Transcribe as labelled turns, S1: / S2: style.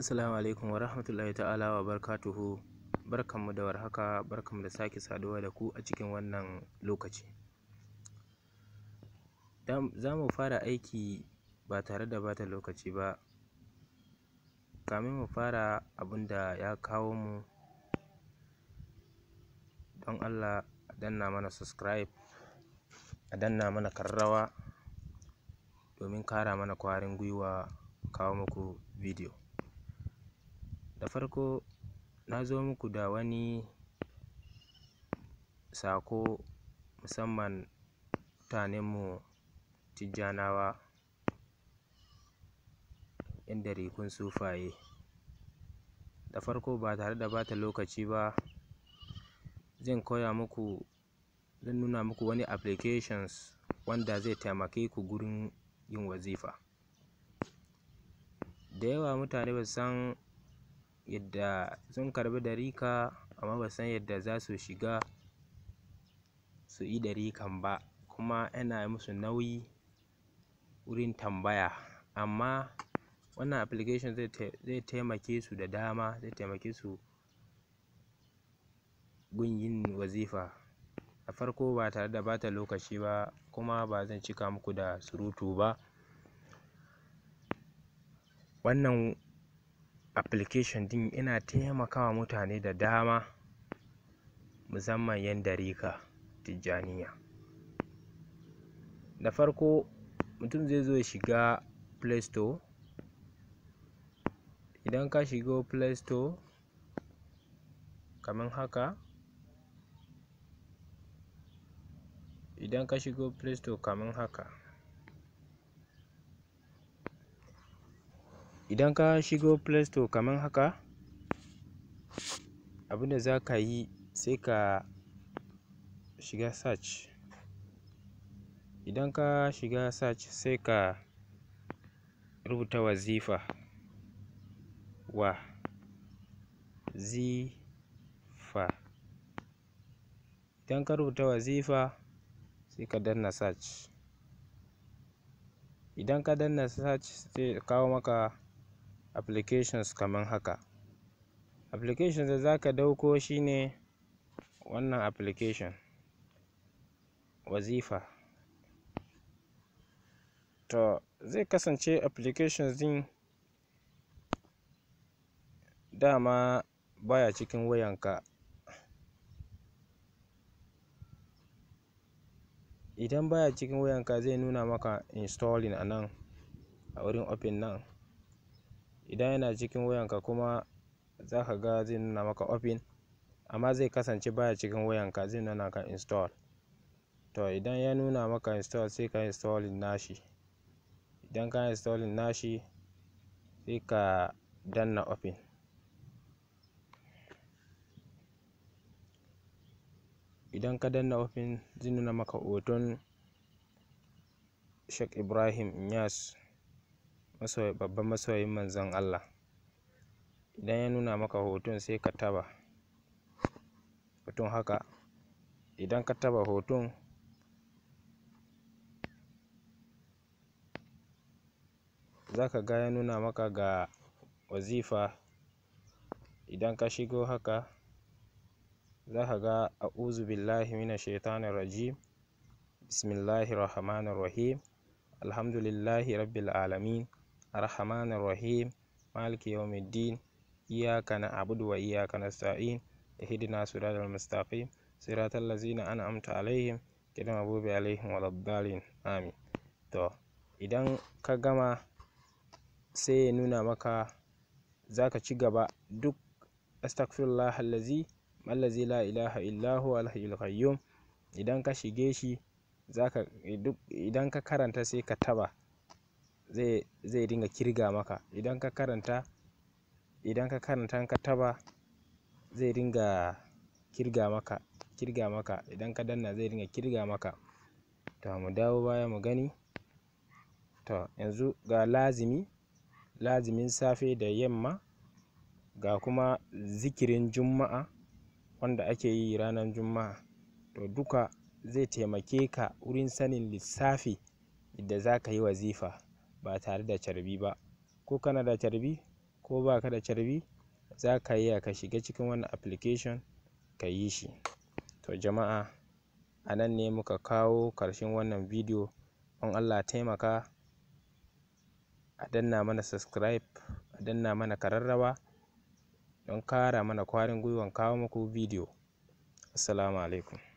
S1: Assalamu alaikum wa rahmatullahi ta'ala wa barkatuhu barkanmu da warhaka barkanmu da sake saduwa da ku a cikin wannan lokaci za mu fara aiki ba tare da bata lokaci ba kamin mu fara abun da ya kawo mu don Allah a danna mana subscribe a danna mana karrawa domin ƙara mana ƙwarin gwiwa kawo muku bidiyo da farko na zo muku da wani saƙo musamman mu Tijjanawa ‘yan ɗarikun Sufaye da farko ba tare da ɓata lokaci ba zan koya muku zan nuna muku wani applications wanda zai taimake ku gurin yin wazifa da yawa mutane ba su san yadda sun karɓi darika amma ba su san yadda za su shiga su yi ɗarikan ba kuma yana musu nauyi wurin tambaya amma wannan application zai taimake su da dama zai taimake su gun yin wazifa da farko ba tare da ɓata lokaci ba kuma ba zan cika muku da surutu ba wannan application ɗin yana taimakawa mutane da dama musamman yan dariƙa tijjaniya da farko mutum zai zo ya shiga play store idan ka shigo play store kaman haka idan ka shigo play store kaman haka idan ka shigo play store kaman haka abinda za ka yi sai ka shiga search idan ka shiga search sai ka rubuta wazifa wa zifa idan ka rubuta wazifa sai ka danna search idan ka danna search sai ya kawo maka applications kaman haka applications da zaka ɗauko shine wannan application wazifa to zai kasance applications ɗin dama baya cikin wayanka idan baya cikin wayanka zai nuna maka installing anan a wurin open nan idan yana cikin wayanka kuma za ka ga zai nuna maka open amma zai kasance baya cikin wayanka zai nuna ka install to idan ya nuna maka install sai ka install nashi idan ka install nashi sai ka danna open idan ka danna open zai nuna maka hoton Sheikh Ibrahim Inyas babban masoyin manzon Allah idan ya nuna maka hoton sai ka taɓa hoton haka idan ka taɓa hoton zaka ga ya nuna maka ga wazifa idan ka shigo haka zaka ga a'uzu billahi mina shaitanir rajim bismillahir rahmanir rahim alhamdulillahi rabbil alamin الرحمن الرحيم مالك يوم الدين إياك نعبد وإياك نستعين اهدنا صراط المستقيم صراط الذين أنعمت عليهم غير المغضوب عليهم ولا الضالين آمين to idan ka gama sai ya nuna maka za ka ci gaba duk astaghfirullah allazi allazi la ilaha illahu alhayyul qayyum idan ka shige shi idan ka karanta sai ka taba zai dinga kirga maka idan ka karanta idan ka karanta ka taɓa zai dinga kirga maka kirga maka idan ka danna zai dinga kirga maka to mu dawo baya mu gani to yanzu ga lazimi lazimin safe da yamma ga kuma zikirin juma'a wanda ake yi ranar juma'a to duka zai taimake ka wurin sanin lissafi da za ka yi wazifa ba tare da carbi ba ko kana da carbi ko baka da carbi za ka iya ka shiga cikin wannan application ka yi shi to jama'a a nan ne muka kawo ƙarshen wannan video in Allah taimaka a danna mana subscribe a danna mana kararrawa don kara mana kwarin gwiwan kawo muku bidiyo assalamu alaikum